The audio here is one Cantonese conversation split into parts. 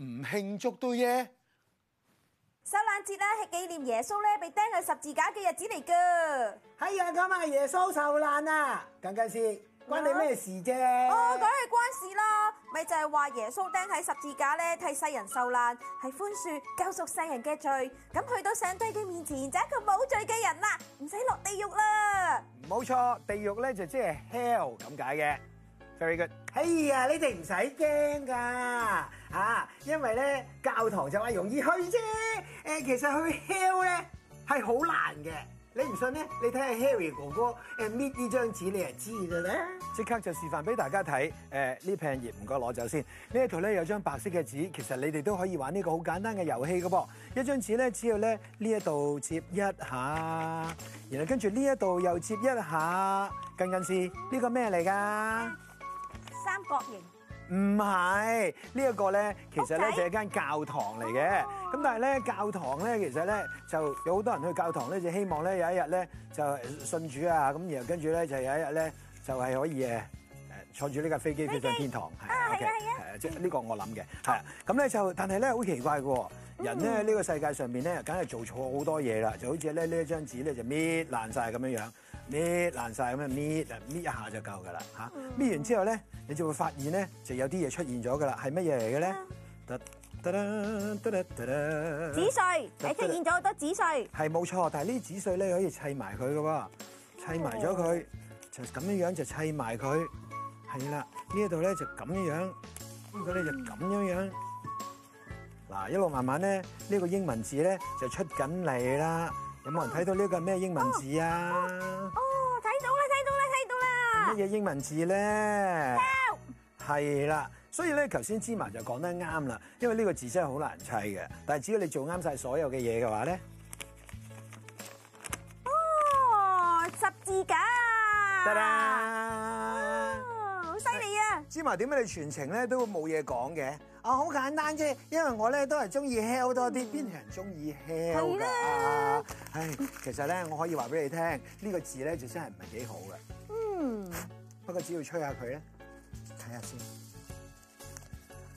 唔慶祝對嘢，受難節啦，係紀念耶穌咧被釘喺十字架嘅日子嚟噶。係啊，今日耶穌受難啊，耿耿先關你咩事啫？哦，梗係關事啦，咪就係話耶穌釘喺十字架咧替世人受難，係寬恕救贖世人嘅罪，咁去到上帝嘅面前就係一個冇罪嘅人啦，唔使落地獄啦。冇錯，地獄咧就即係 hell 咁解嘅，very good。哎呀，你哋唔使驚噶，吓、啊，因為咧教堂就話容易去啫。誒、呃，其實去 hell 咧係好難嘅。你唔信咧，你睇下 Harry 哥哥誒搣呢張紙，你係知嘅咧。即刻就示範俾大家睇。誒、呃，這片拿走這裡呢片葉唔該攞走先。呢一度咧有張白色嘅紙，其實你哋都可以玩呢個好簡單嘅遊戲噶噃。一張紙咧，只要咧呢一度接一下，然後跟住呢一度又接一下，更緊試。呢個咩嚟噶？三角形唔係呢一個咧，其實咧就係間教堂嚟嘅。咁但係咧，教堂咧其實咧就有好多人去教堂咧，就希望咧有一日咧就信主啊。咁然後跟住咧就有一日咧就係可以誒誒坐住呢架飛機飛上天堂嘅。係啊，即係呢個我諗嘅。係、okay，啊，咁咧就但係咧好奇怪嘅、嗯，人咧呢個世界上面咧梗係做錯好多嘢啦。就好似咧呢一張紙咧就搣爛晒咁樣樣。搣爛晒咁樣搣，搣一下就夠噶啦嚇！搣、嗯、完之後咧，你就會發現咧，就有啲嘢出現咗噶啦，係乜嘢嚟嘅咧？得得得得得得紙碎，你出現咗好多紙碎。係冇錯，但係呢啲紙碎咧可以砌埋佢嘅喎，砌埋咗佢就咁樣樣就砌埋佢。係啦，呢一度咧就咁樣樣，咁佢咧就咁樣樣。嗱、嗯，一路慢慢咧，呢、呢個英文字咧就出緊嚟啦。有冇人睇到呢個咩英文字啊？哦，睇到啦，睇到啦，睇到啦！乜嘢英文字咧？抄、哦。係啦，所以咧，頭先芝麻就講得啱啦，因為呢個字真係好難砌嘅。但係只要你做啱晒所有嘅嘢嘅話咧，哦，十字架！得啦，好犀利啊！芝麻點解你全程咧都冇嘢講嘅？好、啊、簡單啫，因為我咧都係中意 HELL 多啲，邊、嗯、啲人中意 HELL 㗎？唉，其實咧我可以話俾你聽，呢、呢個字咧就真係唔係幾好嘅。嗯。不過只要吹下佢咧，睇下先。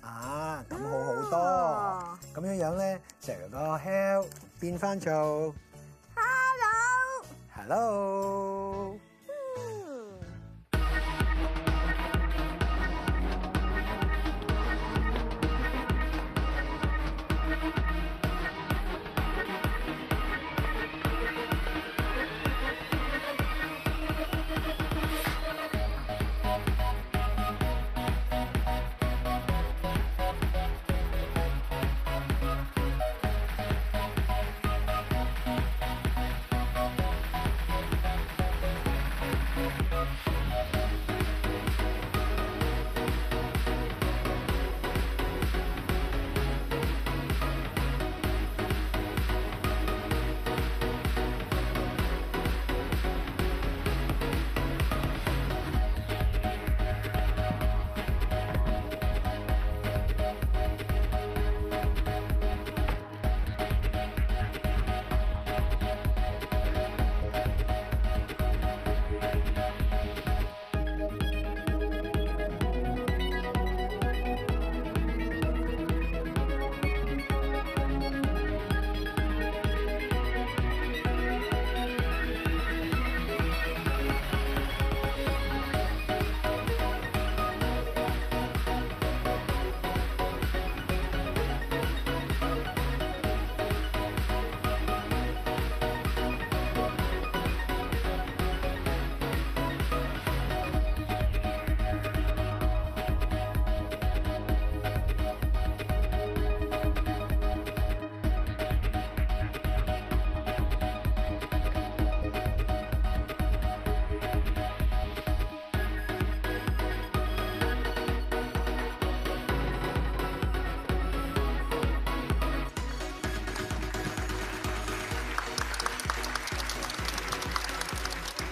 啊，咁好好多。咁、啊、樣樣咧，個成個 HELL 變翻做。Hello。Hello。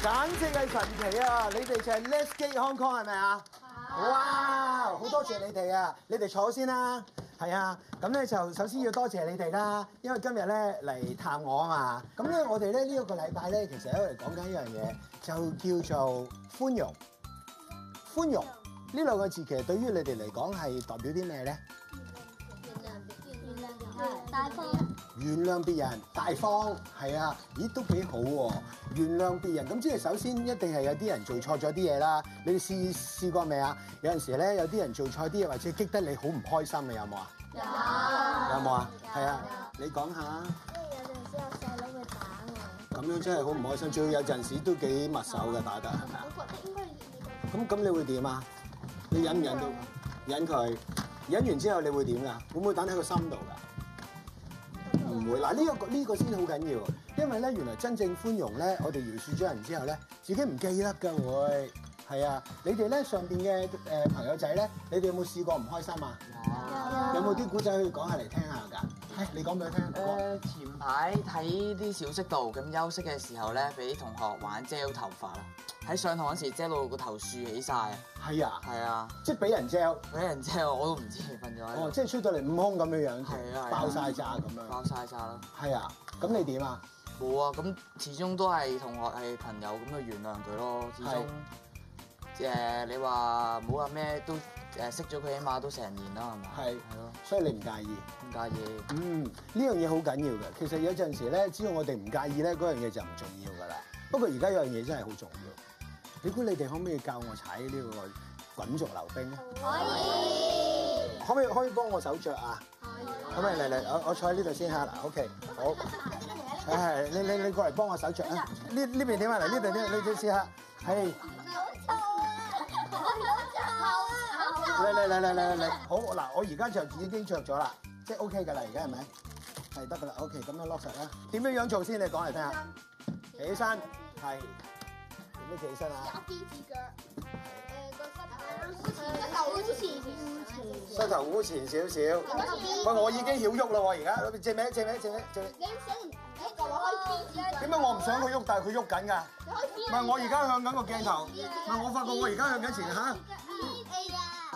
簡直係神奇啊！你哋就係 Let's Get Hong Kong 係咪啊？哇！好多謝你哋啊！你哋坐先啦。係啊，咁咧就首先要多謝你哋啦，因為今日咧嚟探我啊嘛。咁咧我哋咧呢個禮拜咧，其實喺度嚟講緊一樣嘢，就叫做寬容。寬容呢兩個字其實對於你哋嚟講係代表啲咩咧？大貨。原諒別人，對大方，係啊，咦都幾好喎，啊！原諒別人，咁即係首先一定係有啲人做錯咗啲嘢啦。你哋試試過未啊？有陣時咧，有啲人做錯啲嘢，或者激得你好唔開心嘅有冇啊？有有冇啊？係啊，你講下。因為有陣時我細佬會打我嘛。咁樣真係好唔開心，仲有有陣時都幾密手嘅打噶。係咪我覺得應該咁咁。你會點啊？你忍唔忍到？忍佢。忍完之後你會點噶？會唔會等喺個心度噶？嗱、呢個，呢、呢個呢個先好緊要，因為咧，原來真正寬容咧，我哋饒恕咗人之後咧，自己唔記得㗎會係啊，你哋咧上邊嘅誒朋友仔咧，你哋有冇試過唔開心啊？啊有啊有啊有冇啲古仔可以講下嚟聽？Hey, 你講俾我聽。我、呃、前排睇啲小息度，咁休息嘅時候咧，俾同學玩遮頭髮，喺上堂嗰時遮到個頭豎起晒。係啊，係啊，即係俾人遮，俾人遮，我都唔知瞓咗。哦，即係出到嚟悟空咁嘅樣，係啊，啊，爆晒炸咁樣，爆晒炸啦。係啊，咁、嗯、你點啊？冇啊，咁始終都係同學係朋友，咁就原諒佢咯。始終，誒、呃，你話冇話咩都。誒識咗佢起碼都成年啦，係咪？係係咯，所以你唔介意？唔介意。嗯，呢樣嘢好緊要嘅。其實有陣時咧，只要我哋唔介意咧，嗰樣嘢就唔重要噶啦。不過而家有樣嘢真係好重要。你估你哋可唔可以教我踩呢個滾軸溜冰咧？可以。可唔可以可以幫我手著啊？可以。可唔可以嚟嚟？我我坐喺呢度先嚇。嗱，OK，好。係係，你你你過嚟幫我手著啊！呢呢邊點啊？嚟呢邊點？你再試下。係。嚟嚟嚟嚟嚟嚟，好嗱！我而家就已經著咗啦，即係 OK 噶啦，而家係咪？係得噶啦，OK，咁樣攞實啦。點樣樣做先？你講嚟聽下。企起身，係點樣企起身啊？勾尖趾腳，誒個膝頭骨前少少，膝頭骨前少少。喂，我已經好喐啦喎，而家攞支名，借尾，借尾，借尾。點解我唔想佢喐，但係佢喐緊㗎？唔係我而家向緊個鏡頭，唔係我發覺我而家向緊前嚇。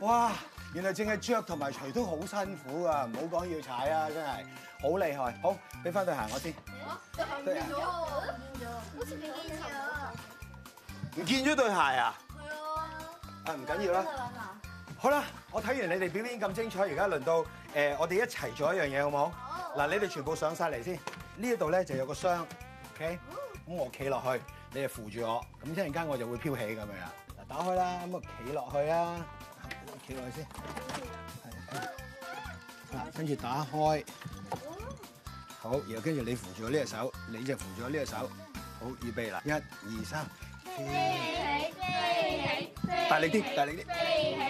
哇！原來淨係著同埋除都好辛苦㗎、啊，唔好講要踩啦，真係好厲害。好，俾翻、啊、對、啊、鞋我先。對啊，唔見咗好似未見咗。唔見咗對鞋啊？係對啊。啊，唔緊要啦。好啦，我睇完你哋表演咁精彩，而家輪到誒、呃、我哋一齊做一樣嘢，好冇？好。嗱，你哋全部上晒嚟先。呢一度咧就有個箱，OK、嗯。咁我企落去，你就扶住我，咁一陣間我就會飄起咁樣。嗱，打開啦，咁我企落去啦。企落嚟先，係，啊，跟住打開，好，然後跟住你扶住呢隻手，你就扶住呢隻手，好，預備啦，一、二、三，飛起飛起飛，大力啲，大力啲，飛起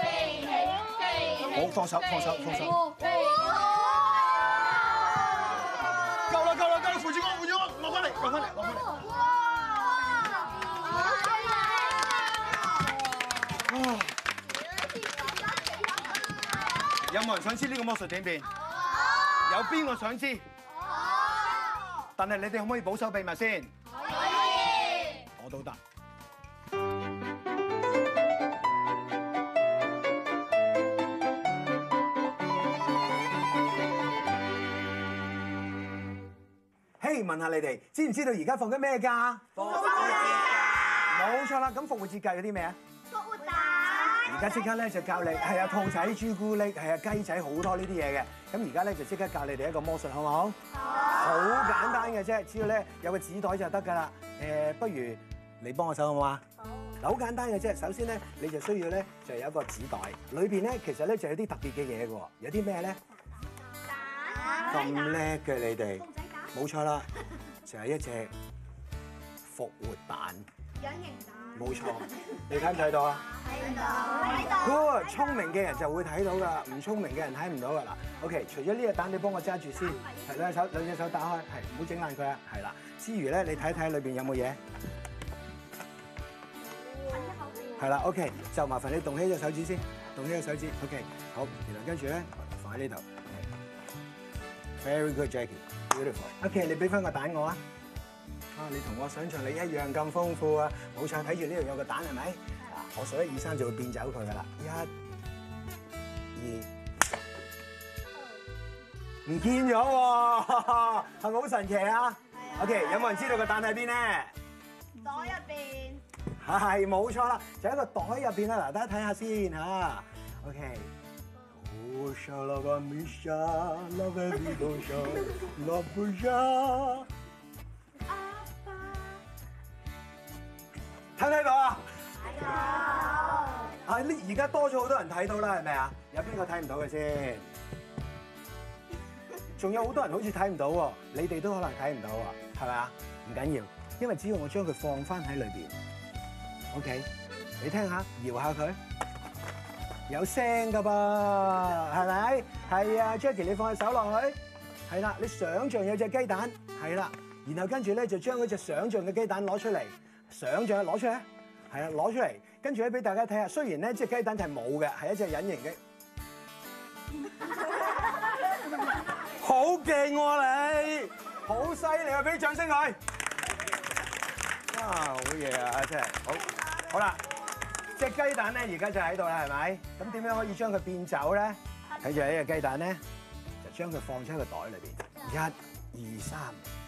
飛起飛，好，放手放手放手，夠啦夠啦夠啦，扶住我扶住我，落翻嚟落翻嚟落翻嚟。有冇人想知呢個魔術點變？哦、有邊個想知？哦、但係你哋可唔可以保守秘密先？可以，可以！我都得。嘿、hey，問下你哋，知唔知道而家放緊咩假？放放復活節啊！冇錯啦，咁復活節計有啲咩啊？而家即刻咧就教你。係啊，兔仔朱古力。係啊，雞仔好多呢啲嘢嘅。咁而家咧就即刻教你哋一個魔術，好唔好？好、啊。好簡單嘅啫，只要咧有個紙袋就得噶啦。誒，不如你幫我手好唔好啊？好。又好簡單嘅啫。首先咧，你就需要咧就有一個紙袋，裏邊咧其實咧就有啲特別嘅嘢嘅。有啲咩咧？蛋。咁叻嘅你哋，蛋？冇錯啦，就係、係、一隻復活蛋。隱形蛋。冇錯，你睇唔睇到啊？睇到，睇到。哇，聰明嘅人就會睇到噶，唔聰明嘅人睇唔到噶啦。OK，除咗呢個蛋，你幫我揸住先，係、啊、啦，兩隻手兩隻手打開，係唔好整爛佢啊，係啦。之餘咧，你睇睇裏邊有冇嘢。係啦，OK，就麻煩你動起隻手指先，動起隻手指，OK，好，然後跟住咧放喺呢度。Very good, Jackie, beautiful. OK，你俾翻個蛋我啊。你同我想像你一樣咁豐富啊！冇錯，睇住呢度有個蛋係咪？是是我數一二三就會變走佢噶啦，一、二，唔、哦、見咗喎，哈哈，係咪好神奇啊？OK，有冇人知道個蛋喺邊呢？袋入邊，係冇錯啦，就喺個袋入邊啦。嗱，大家睇下先嚇。OK。 睇到啊！睇到啊！係而家多咗好多人睇到啦，係咪啊？有邊個睇唔到嘅先？仲有好多人好似睇唔到，你哋都可能睇唔到啊，係咪啊？唔緊要，因為只要我將佢放翻喺裏邊，OK？你聽下，搖下佢，有聲噶噃，係咪？係啊，Jackie，你放喺手落去，係啦，你想象有隻雞蛋，係啦，然後跟住咧就將嗰隻想象嘅雞蛋攞出嚟。想像攞出嚟，係啊，攞出嚟，跟住咧俾大家睇下。雖然咧，隻雞蛋係冇嘅，係一隻隱形嘅，好勁喎你，好犀利啊！俾掌聲佢。啊，好嘢啊！真係，好，好啦。隻雞蛋咧，而家就喺度啦，係咪？咁點樣可以將佢變走咧？睇住呢隻雞蛋咧，就將佢放喺個袋裏邊。一、二、三。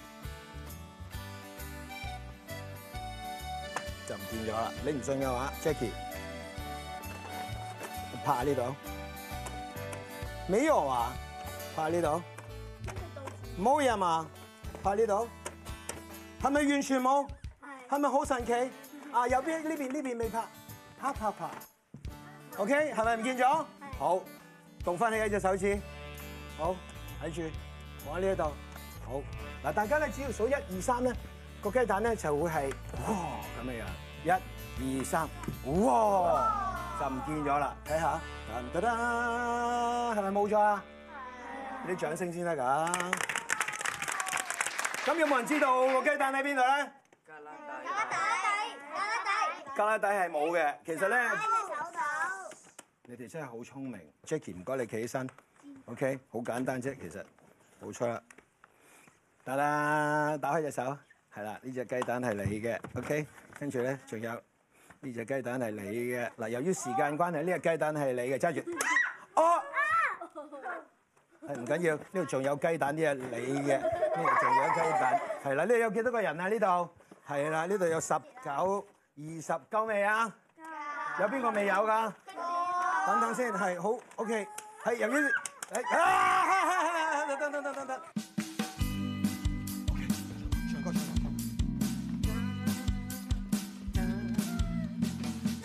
就唔見咗啦！你唔信嘅話，Jackie，就拍呢度，冇啊，拍呢度，冇嘢嘛，拍呢度，係咪完全冇？係，係咪好神奇？啊，右邊呢邊呢邊未拍，拍拍拍，OK，係咪唔見咗？好，動翻你一隻手指，好，睇住，我喺呢一度，好，嗱，大家咧只要數一二三咧，個雞蛋咧就會係哇咁嘅樣，一二三，哇, 1, 2, 3, 哇，哇就唔見咗啦！睇下，得得得，係咪冇錯啊？啲掌聲先得㗎！咁有冇人知道個雞蛋喺邊度咧？胳肋底，胳肋底，胳肋底，胳肋底係冇嘅。其實咧，你哋真係好聰明。Jackie 唔該你企起身，嗯，OK，好簡單啫，其實冇錯啦，得啦，打開隻手。係啦，呢隻雞蛋係你嘅，OK。跟住咧，仲有呢隻雞蛋係你嘅。嗱，由於時間關係，呢隻雞蛋係你嘅，揸住。哦，係唔緊要，呢度仲有雞蛋，呢係你嘅。呢度仲有雞蛋，係啦。呢度有幾多個人啊？呢度係啦，呢度有十九、二十，夠未啊？夠。有邊個未有㗎？等等先，係好，OK。係由於，等等等等等。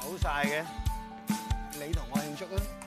好晒嘅，你同我慶祝啦！